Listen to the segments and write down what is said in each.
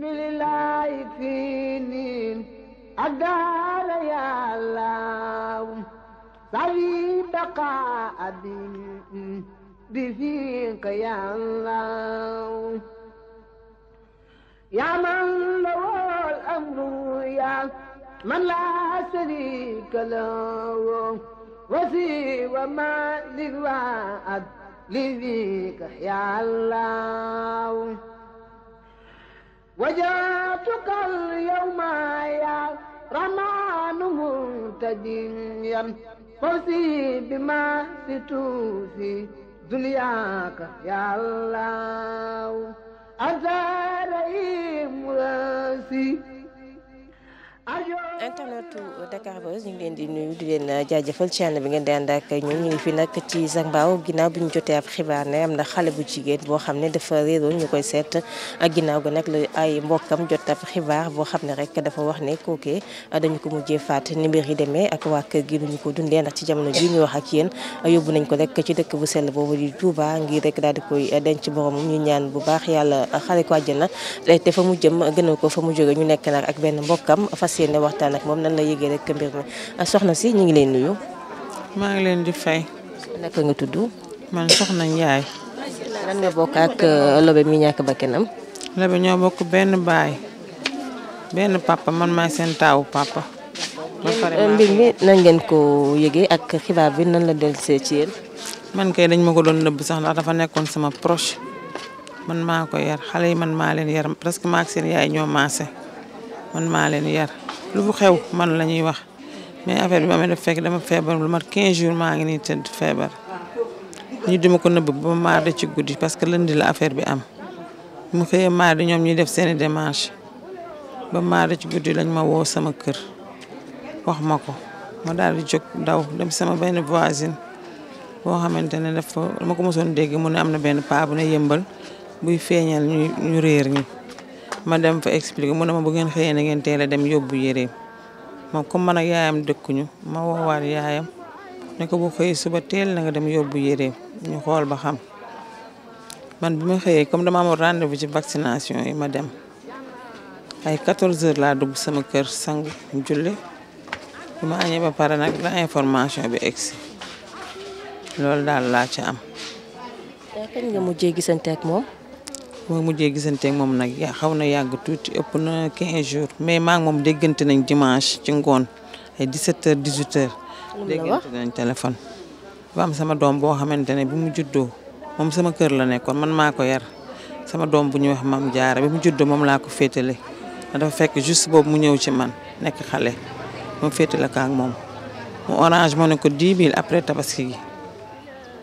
mi lillaay fii niin ak daara yàllaaw sari bi fiika yàllaaw yaa man lawool amru yaa man laa sharika lawo wasi wa ma liwaat li fiika yàllaaw وجاتك اليوم يا رمان منتجيا فوزي بما ستوفي دنياك يا الله أنت رئيم راسي أجو internet Dakar Buzz ñu leen di di leen jaajëfal ci ànd bi ngeen di ànd ak ñun ñu ngi fi nag ci Zambaaw ginnaaw bi ñu jotee ab xibaar ne na xale bu jigéen boo xam ne dafa réeroon ñu koy seet a ginnaaw ga nag la ay mbokkam jot ab xibaar boo xam ne rek dafa wax ne kooke dañu ko mujjee faat ni mbir yi demee ak waa kër gi ñu ko dundee ndax ci jamono ji ñu wax ak yéen yóbbu nañ ko rek ci dëkk bu sell boobu di Touba ngir rek daal di koy denc boromam ñu ñaan bu baax yàlla xale ko àjjana te fa mu jëm gënal ko fa mu jóge ñu nekk nag ak benn mbokkam fas yéene waxtaan waxtaan ak moom nan la yëgee rek mbir mi ah, soxna si ñu ngi lay nuyu. maa ngi leen di fay. naka nga tudd. man soxna Ndiaye. lan nga bokk ak uh, Lobé mi ñàkk bakkanam. Lobé ñoo bokk benn baay benn papa man maay seen taawu papa. ba pare uh, mbir mi nan ngeen ko yëgee ak xibaar bi nan la dellusee ci yéen. man kay dañ ma ko doon nëbb sax ndax dafa nekkoon sama proche man maa ko yar xale yi man maa leen yar presque maa seen yaay ñoo maase man maa leen yar. lu bu xew man la ñuy wax mais affaire bi ma amee def fekk dama feebar lu mat 15 jours maa ngi nii tëdd feebar ñu dima ko nëbb ba de ci guddi parce que lundi la affaire bi am mu xëyee mardi ñoom ñuy def seeni démarche ba de ci guddi lañ ma woo sama kër wax ma ko ma daal di jog daw dem sama benn voisine boo xamante ne dafa ma ko mosoon dégg mu ne am na benn paa bu ne yëmbal buy feeñal ñu ñu réer ma dem fa expliqué mu ne ma bu ngeen xëyee na ngeen teel a dem yóbbu yéreem ma comme man ak yaayam dëkkuñu ma woowaat yaayam ne ko bu xëyee suba teel na nga dem yóbbu yéreem ñu xool ba xam man bi ma xëyee comme dama amoon rendez ci vaccination yi ma dem ay 14 heures laa dugg sama kër sangu julli bi ma añee ba pare nag la information bi egsi loolu daal laa ci am. kañ nga moom. moo jee gisanteeg moom nag xaw na yàgg tuuti ëpp na 15 jours mais maa moom déggante nañ dimanche ci ngoon ay 17h 18h. déggante nañ téléphone. am sama doom boo xamante ne bi mu juddoo moom sama kër la nekkoon man maa ko yar sama doom bu ñuy wax maam jaara bi mu juddoo moom laa ko féetale dafa fekk juste boobu mu ñëw ci man nekk xale mu féetale ko ak moom mu orange moo ne ko 10 après tabaski gi.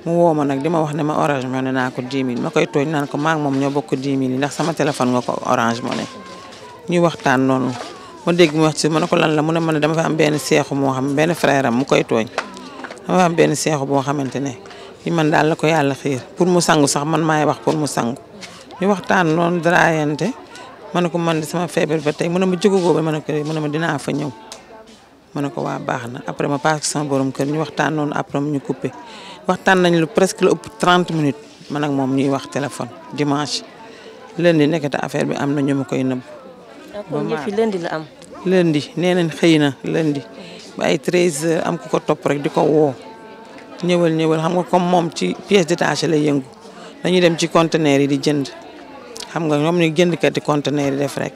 mu woo ma nag di ma wax ne ma orange money naa ko 10 000 ma koy tooñ naan ko maa ngi moom ñoo bokk 10 000 yi ndax sama téléphone nga ko orange money ñuy waxtaan noonu ma dégg mu wax ma ne ko lan la mu ne ma ne dama fa am benn seexu moo xam benn frère am mu koy tooñ dama am benn seexu boo xamante ne li man daal la ko yàlla xiir pour mu sangu sax man maay wax pour mu sangu ñu waxtaan noonu draayante ma ne ko man sama feebar ba tey mu ne ma jógagoo ba ma ne ko mu ne ma dinaa fa ñëw ma ne ko waa baax na après ma paas sama borom kër ñu waxtaan noonu après ñu coupé waxtaan nañ lu presque la ëpp 30 minutes man moom ñuy wax téléphone dimanche lundi nekket affaire bi am na ñu ma koy nëbb. ba ma lundi la am. nee nañ xëy na lundi ba ay 13 am ku ko topp rek di ko woo ñëwal ñëwal xam nga comme moom ci pièce détachée lay yëngu dañuy dem ci conteneur yi di jënd xam nga ñoom ñu jëndkati conteneur yi def rek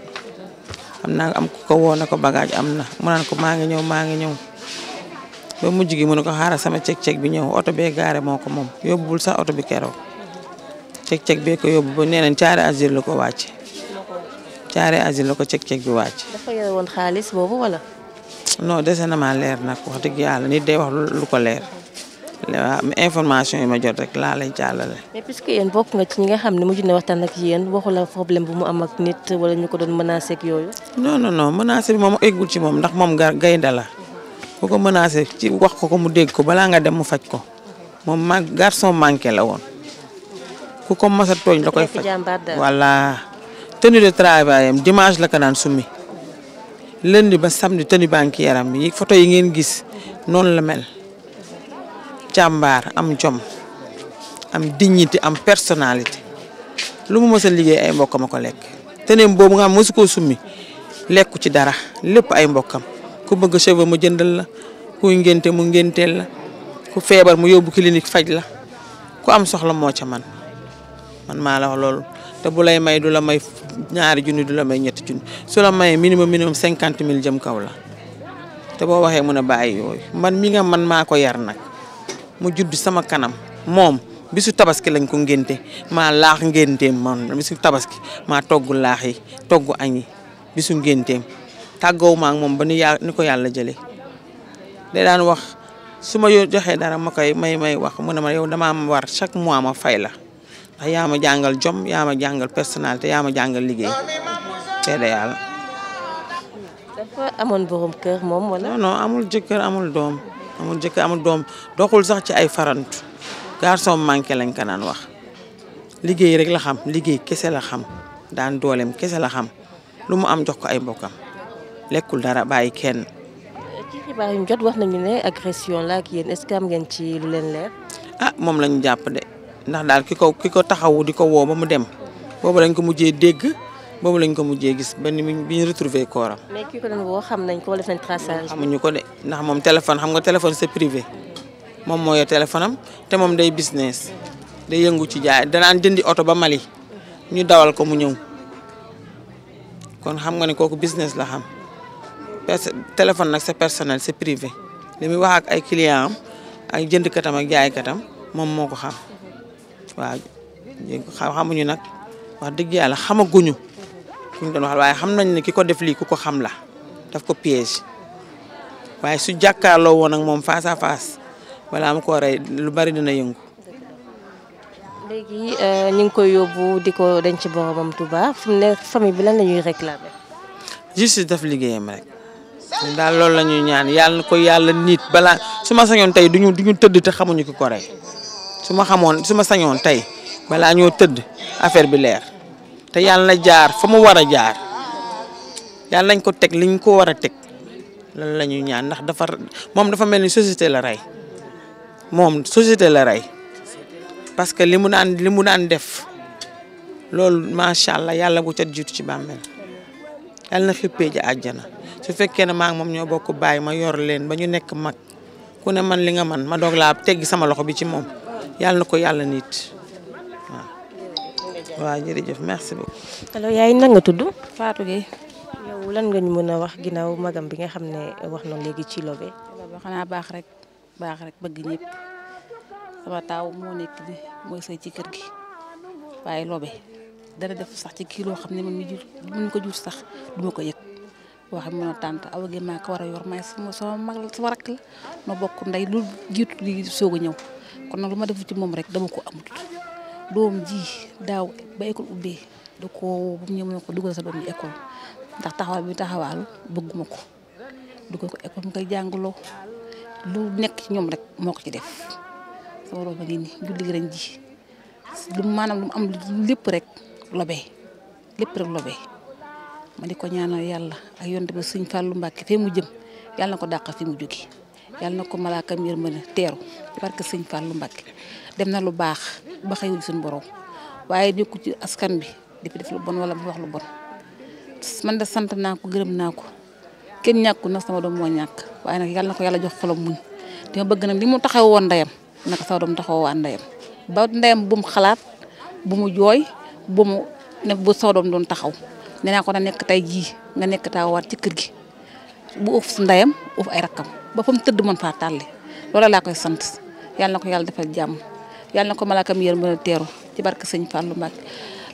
xam naa am ku ko woo na ko bagage am na mu naan ko maa ngi ñëw maa ngi ñëw ba mujj gi mu ne ko xaaral sama cek-cek bi ñëw oto bee gaare moo ko moom yóbbul sax oto bi keroog cek-cek bee ko yóbbu ba nee nañ caare asile la ko wàcc caare asile la ko cek-cek bi wàcc. dafa boobu wala. non dese na maa leer nag wax dëgg yàlla nit day wax lu ko leer. waaw information yi ma jot rek laa lay jàllale. mais puisque yéen bokk nga ci nga xam ne mujj na waxtaan ak yéen waxu la problème bu mu am ak nit wala ñu ko doon menacé ak yooyu. non non non menacé bi moom eggul ci moom ndax moom gar gaynde la ku ko menacé ci wax ko ko mu dégg ko balaa nga dem mu faj ko moom ma garçon manqué la woon ku ko a la koy de travail am la ko daan summi ba samedi tenue banquière am yi photo ngeen gis noonu la mel. jàmbaar am jom am dignité am personalité lu mu mës a liggéey ay mbokkam a ko lekk tëneem boobu nga xam mësu koo summi lekku ci dara lépp ay mbokkam ku bëgg cheveux mu jëndal la kuy mu ngénteel la ku feebar mu yóbbu clinique faj la ku am soxla moo ca man man maa la wax loolu te bu lay may du la may ñaari junni du la may ñetti junni su la mayee minimum minimum cinquante mille jëm kaw la boo waxee mun a bàyyi yooyu man mi nga man maa ko yar nag mu judd sama kanam moom bisu tabaski lañ ko ngénte ma laax ngénteem man bisu tabaski maa togg laax yi togg añi bisu ngénteem tàggoo ma moom ba ni yaa ni ko yàlla jële day daan wax su ma joxee dara ma koy may may wax mu ne ma yow damaa war chaque mois ma fay la ndax ma jàngal jom yaa ma jàngal personnalité yaa ma jàngal liggéey seede yàlla. moom amul jëkkër amul doom. amul jëkk amul doom doxul sax ci ay farantu garçon manqué lañ ko naan wax liggéey rek la xam liggéey kese la xam daan dooleem kese la xam lu mu am jox ko ay mbokkam lekkul dara bàyyi kenn. ci xibaar yu ñu jot wax nañu ne agression la yéen est-ce ngeen ci lu leen leer. ah moom lañu jàpp de ndax daal ki ko ki ko taxawu di ko woo ba mu dem boobu lañ ko mujjee dégg. boobu lañ ko mujjee gis ba ni bi ñu retrouvé kooram. mais ki xam nañ ko wala seen traçage. xamuñu ko de ndax moom téléphone xam nga téléphone c'est moom moo yor te moom day business day yëngu ci jaay danaan jëndi oto ba Mali ñu dawal ko mu ñëw kon xam nga ne kooku business la xam téléphone nag c'est personnel c'est privé li muy wax ak ay client ak jëndkatam ak jaaykatam moom moo ko xam nag wax dëgg yàlla xamaguñu. ki ñu doon waxal waaye xam nañ ne ki ko def lii ku ko xam la daf ko piège waaye su jàkkaarloo woon nag moom face à face balaa mu ko rey lu bari dina yëngu. léegi euh, ñu ngi koy yóbbu di ko denc boromam Touba fi mu ne famille bi lan la ñuy réclamer. justice daf rek. daal loolu la ñaan yàlla na ko yàlla nit balaa su ma sañoon tey duñu duñu tëdd te xamuñu ki ko rey su ma xamoon su ma sañoon tey balaa ñoo tëdd affaire bi leer. te yàlla na jaar fa mu war a jaar yàlla nañ ko teg liñ ko war a teg lan la ñuy ñaan ndax dafa moom dafa mel ni société la rey moom société la rey parce que li mu naan li mu naan def loolu macha allah yàlla bu ca jiitu ci bàmmeel yàlla na xippee ji àjjana su fekkee ne maa moom ñoo bokk bàyyi ma yor leen ba ñu nekk mag ku ne man li nga man ma doog laa teggi sama loxo bi ci moom yàlla na ko yàlla nit waaw jërëjëf merci beaucoup. alors yaay nan nga tudd. Fatou Gueye. yow lan nga ñu mën a wax ginnaaw magam bi nga xam ne wax na léegi ci Lobé. Lobé xanaa baax rek baax rek bëgg ñëpp sama taaw moo nekk di mooy sëy ci kër gi waaye Lobé dara def sax ci kii loo xam ne man mi jur mun ko sax duma ko yëg. wax mën a tànt a gi maa ko war a yor may sama sama mag sama rakk la ma bokk ndey lu jiitu li soog a ñëw kon nag lu ma def ci moom rek dama ko amut. doom ji daaw ba école ubbee da koo woo ñëw mu ko dugal sa doom ji école ndax taxawaay bi taxawaalu bëgguma ko dugal ko école mu koy jàngaloo lu nekk ci ñoom rek moo ko ci def sama doom ba ngi ni julli ren ji lu maanaam lu mu am lépp rek lobe lépp rek lobee ma di ko ñaanal yàlla ak yonte ba Sëñ Fàllu Mbàkke fee mu jëm yàlla na ko dàqal fi mu jóge yàlla na ko malaakam yërmande teeru barke sëñ lu Mbacké dem na lu baax ba xëyul suñu borom waaye nekku ci askan bi di def lu bon wala mu wax lu bon man de sant naa ko gërëm naa ko kenn ñàkku nag sama moo ñàkk waaye nag yàlla ko yàlla jox xolam muñ dama bëgg nag li mu taxaw woon ndeyam naka sama doom waa ndeyam ba ndeyam bu mu xalaat bu mu jooy bu mu ne bu sama doom doon taxaw nee ko na nekk tey jii nga nekk taawaat ci kër gi bu uuf ndeyam uuf ay rakkam ba fa mu tëdd mën faa tàlli loola laa koy sant yàlla na ko yàlla defal jàmm yàlla na ko malaakam yéen mën a teeru ci barke sëñ Fallou Mbacke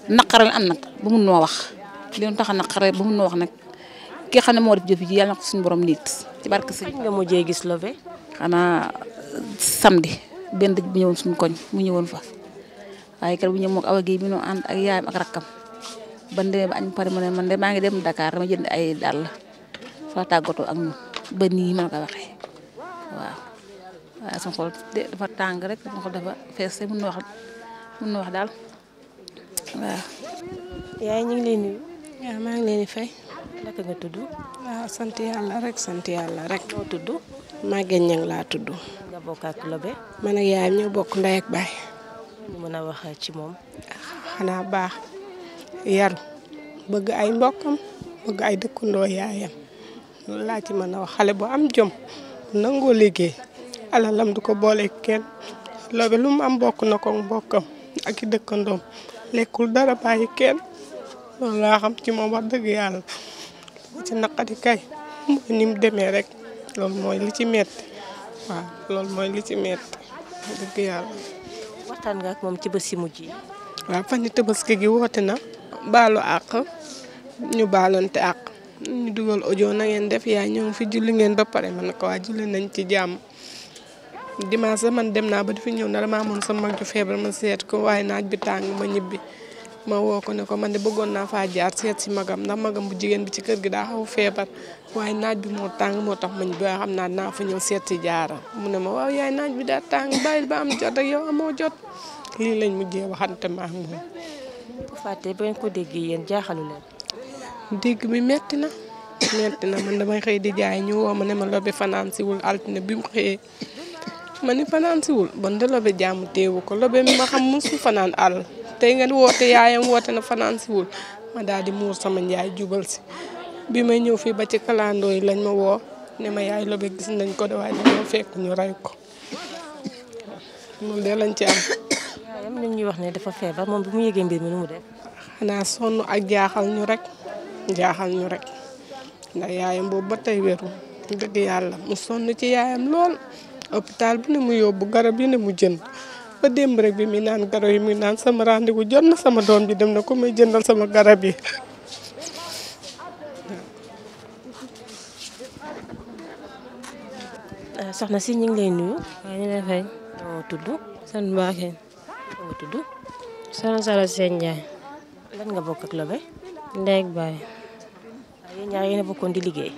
naqaral am nag ba mun noo wax li tax a naqare ba mun noo wax nag ki xam ne moo def jëf ji yàlla na ko suñu borom nit ci barke sëñ nga mujjee gis love xanaa samedi benn bi ñëwoon suñu koñ mu ñëwoon fa waaye ka bu ñëw moog awa gi mi noo ànd ak yaayam ak rakkam ban ba añ pare ma ne man de maa ngi dem Dakar dama jënd ay dàll fa tàggatoo ak ñun ba nii waaw waaye sama xol dafa tàng rek sama xol dafa mun na wax daal waaw. yaay ñu ngi lay nuyu. maa ngi leen di fay. naka nga tudd. waaw sant yàlla rek sant yàlla rek. noo tudd. Maguette Niang laa tudd. nga yaayam ñoo bokk ndey baay. ñu mën a wax ci moom. xanaa baax yaru bëgg ay mbokkam bëgg ay dëkkandoo yaayam loolu laa ci mën a wax xale bu am jom nangoo liggéey alalam du ko boole kenn loobe lu mu am bokk na ko mbokkam ak i dëkkandoom lekkul dara bàyyi kenn loolu laa ci moom wax dëgg yàlla ci naqari ni mu demee rek loolu mooy li ci metti waaw loolu mooy li ci metti dëgg yàlla. waxtaan nga moom ci bés yi mujj yi. gi woote na baalu àq ñu baalonte àq. ñu dugal audio na ngeen def yaay ñoo ngi fi julli ngeen ba pare man na ko waa julli nañ ci jàmm dimanche man dem naa ba di fi ñëw na dama amoon sama mag ju ma seet ko waaye naaj bi tàng ma ñibbi ma woo ko ne ko man de bëggoon naa faa jaar seet si magam na magam bu jigéen bi ci kër gi daa xaw feebar waaye naaj bi moo tàng moo tax mañ ba xam naa naa fu ñëw seet si jaara mu ne ma waaw yaay naaj bi daa tàng bàyyi ba am jot yow amoo jot lii lañ mujjee waxante ma ak moom. bu fàttee ba ngeen ko déggee yéen jaaxalu leen. digg bi metti na metti na man damay xëy di jaay ñu woo ma ne ma lobe fanaan siwul altine bi mu xëyee ma ni fanaan siwul bon de lobe jaamu teewu ko lobe mi ma xam musu fanaan àll tey nga woote yaayam woote na fanaan siwul ma daal di sama njaay jubal si bi may ñëw fii ba ci kalandoo yi lañ ma woo ne ma yaay lobe gis nañ ko de waaye fekk ñu rey ko moom de lañ ci am. yaayam ñuy wax ne dafa feebar moom xanaa sonn ak jaaxal ñu rek. jaaxal ñu rek ndax yaayam boobu ba tey wéru dëgg mu sonn ci yaayam lool hôpital bu ne mu yóbbu garab yi ne mu jënd ba démb rek bi mu naan garab yi muy naan sama rendez-vous jot na sama doom bi dem na ko may jëndal sama garab yi ah, si tudd tudd soxna nga bokk ak Ndeye ak Baye. waaw ah, yéen ñaar yéen a bokkoon di liggéey.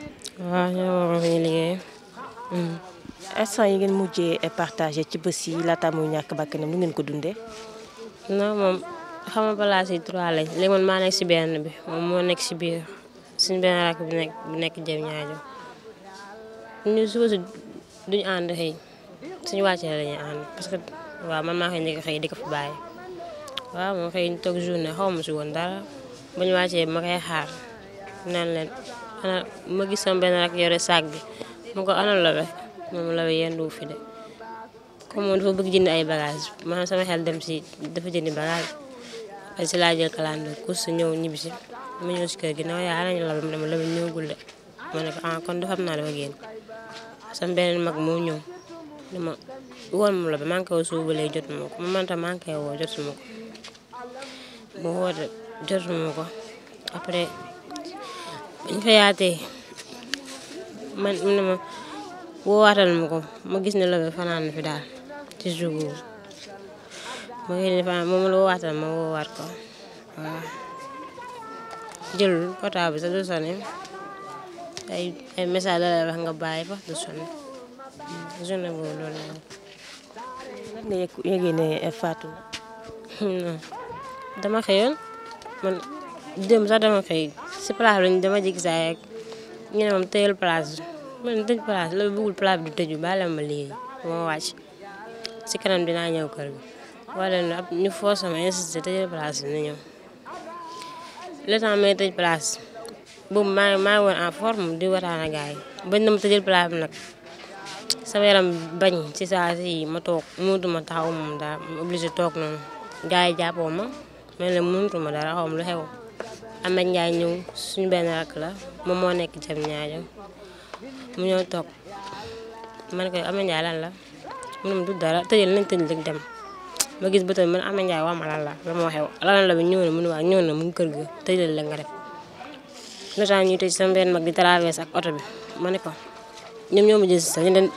waaw ñoo ngi liggéey. Hmm. instant yi ngeen mujjee partagé ci bés yi laata muy ñàkk bakkanam lu ngeen ko dundee. non moom xam nga place yi trois lañ léegi man maa nekk si benn bi moom moo nekk si biir suñu benn rakk bi nekk bi nekk jëm ñaajo ñu suba si duñ ànd xëy suñu wàccee la ñuy ànd parce que waaw man maa xëy njëkk xëy di ko fa bàyyi waaw moom xëy ñu journée xaw si woon dara. bañ wàccee ma koy xaar naan leen ana ma gis sama benn rak yore saak bi mu ko ana lawe moom lawe yendu fi de comme moom dafa bëgg jënd ay bagage maanaam sama xel dem si dafa jëndi bagage parce que laa jël kalando course ñëw ñibbi si si kër gi naw yaa anañu lawe dama lawe ñëwagul de ma ne ko ah kon dafa am naa dafa génn sama beneen mag mu ñëw dama woon mu ko ma man tam woo jot ko jotuma ko après bañ fayaatee man mu ne ma woowaatal ma ko ma gis ne lobe fanaan fi daal ci jour boobu ma gis ne fanaan moom la woowaatal ma woowaat ko waaw jëlul portable sax du sonné ay ay message la lay wax nga bàyyi ba du sonné mm, journée boobu loolu la nga yëg ne faatu na dama xëyoon man dem sax dama fay si place lañ dama jig saa yeeg ñu ne moom tëjal place bi man place la bëggul place bi du tëju ma liggéey ma wàcc si kanam dinaa ñëw kër gi. wala ab ñu force ma insisté tëjal place bi na le temps may tëj place boobu maa ngi maa ngi woon en forme di waxtaan ak gars yi bañ na ma tëjal place bi nag sama yaram bañ si ma toog mënatu ma taxaw moom ma obligé toog noonu gars yi jàppoo ma. man leen mënutuma dara xaw ma lu xew Amed Ndiaye ñëw suñu benn rakk la moom moo nekk jam ñaajo mu ñëw toog man ko Amed Ndiaye lan la mu ne ma du dara tëjal nañ tëj rek dem ma gis bëtam man Amed Ndiaye waa ma lan la la moo xew lan la bi ñëw na mu ne waa ñëw na mu ngi kër ga tëjal la nga def le temps ñuy tëj sama benn mag di traversé ak oto bi ma ne ko ñoom ñoo ma jël si sax ñu leen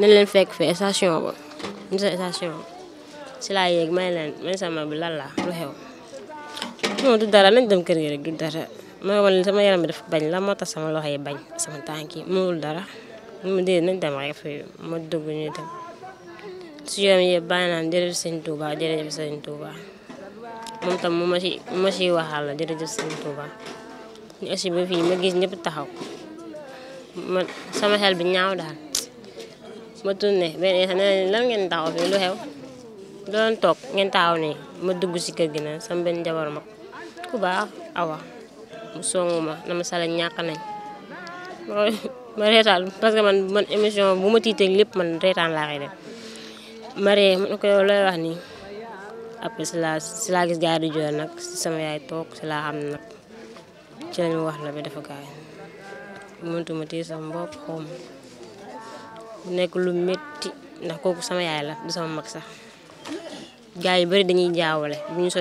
nañ leen fekk fee station ba ñu sa station si laa yéeg may leen may sama bi lan la lu xew non dara nañ dem kër gi rek ma woon sama yaram bi dafa bañ la moo tax sama loxo yi bañ sama tànk yi mënul dara mu dee nañ dem rek fi ma dugg ñu dem si yoon yi bàyyi naan jërëjëf sëñ mu ma si mu ma siy waxal la ma gis ñëpp taxaw ma xel bi ñaaw daal ma tourné benn isa nee lan ngeen taxaw fii lu xew doon toog ngen taxaw nii ma dugg si kër gi nag sama benn jabar mag ku baax ah awa mu songuma na ma sala ñàkk nañ ma reetaan parce que man man émission bu ma tiiteeg lépp man reetaan laa koy def ma ree mu ne ko looy wax nii après si laa gis gars di jooy nag si sama yaay toog si laa xam nag ci lañu wax la bi dafa gaay mëntu ma téye sama bopp xaw nekk lu métti ndax kooku sama yaay la du sama mag sax gars yi bëri dañuy jaawale bu ñu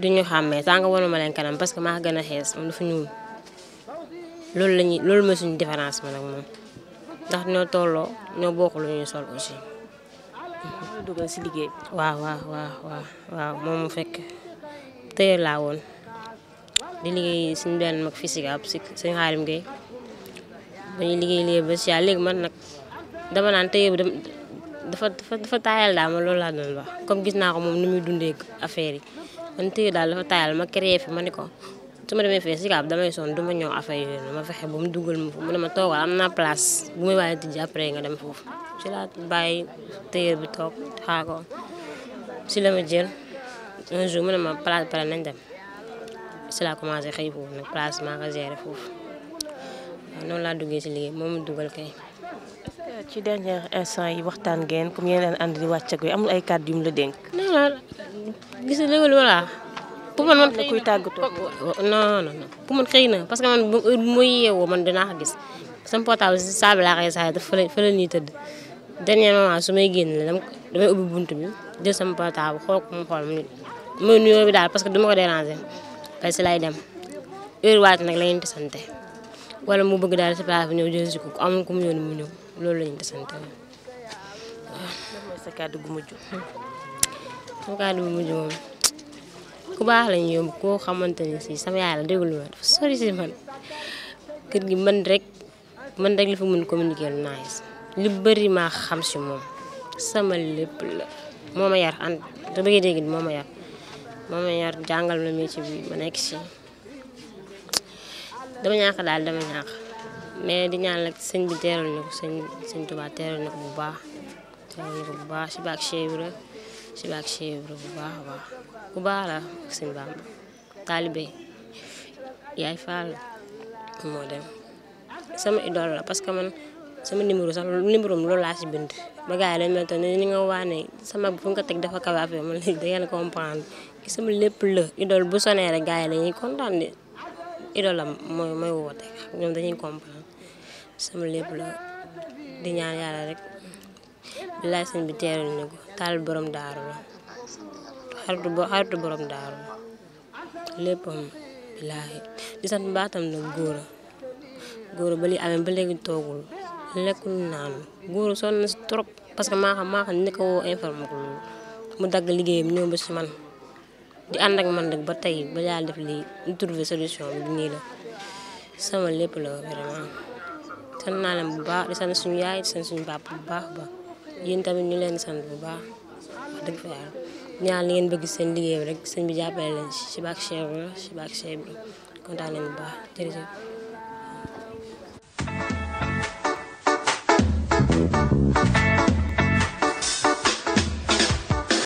duñu xàmmee saa nga wanuma kanam parce que maa gën loolu lañuy loolu mooy suñu différence ma nag moom ñoo tolloo ñoo bokk sol aussi. si liggéey bi. fekk tëye laa liggéey suñu benn mag liggéey man nag dama naan tëye bi dafa dafa dafa taayal daal man loolu laa doon wax gis naa ko moom ni muy dundee affaire yi. man téye daal dafa taayal ma créé fi ma ni ko su ma demee fee Sicap damay sonn du ma ñëw affaire yooyu noonu ma fexe ba mu dugal ma fa ma toogal am naa place bu muy waaye tijji après nga dem foofu ci laa bay téye bi toog xaar ko si la ma jël un jour ma place pare nañ dem si laa commencé xëy foofu nag place maa ko géré foofu noonu laa duggee si liggéey moom mu dugal kay. ci dernier instant yi waxtaan gen comme yeneen ànd di wàcc ak amul ay kàddu yu mu la dénk. gis nga loolu voilà. pour man man xëy na oh, non non man xëy na parce que man mooy yeewoo man dinaa ko gis sama portable si saabu saa dafa fa la ñuy tëdd. dernier moment su may génn la damay ubbi bunt bi jël sama portable xool ko mu xool mu nuyoo bi daal parce que duma ko déranger parce que si lay dem heure waat nag la ñuy desante wala mu bëgg daal si place bi ñëw jël si ko ku amul ku mu yónni mu ñëw loolu la ñuy desante waaw. sa kàddu gu mujj. Hmm. vocal bi mujj moom ku baax lañu yóbbu koo xamante si sama yaay la déglu ma dafa sori si man kër gi man rek man rek li fa mën communiquer lu naa li bëri maa xam si moom sama lépp la moo ma yar ànd te bëggee dégg moo ma yar moo ma yar jàngal ma métier bi ma nekk si dama ñàkk daal dama ñàkk mais di ñaan rek sëñ bi teeral na bu baax teeral na ko baax si si baak Cheikh bu baax a baax ku baax la ak sëñ Bamba taalibe yaay Fall dem sama idole la parce que man sama numéro sax numéro am loolu laa si bind ba gars yi dañ mel waane sama fu nga teg dafa kawaafee man léegi da la idole kontaan ni idole comprendre sama lépp di ñaan yàlla rek bilaay sëñ bi teeru ñu ko taal borom daaru la xaritu xaritu borom daaru la léppam billaahi di sant baatam na góora góora ba li amee ba léegi toogul lekkul naanu góora sonn na si trop parce que maa xam maa xam woo informé ko mu dagg liggéeyam ñëw ba si man di ànd ba tey ba yàlla def lii ñu trouvé solution bi nii la sama la vraiment sant naa leen bu baax di sant suñu yaay di sant suñu bàpp bu baax yéen tamit ñu leen sant bu baax wax dëgg fa ñaan li ngeen bëgg seen liggéey rek sëñ bi jàppale leen si baax Cheikh bi si baax Cheikh bi kontaan nañu bu baax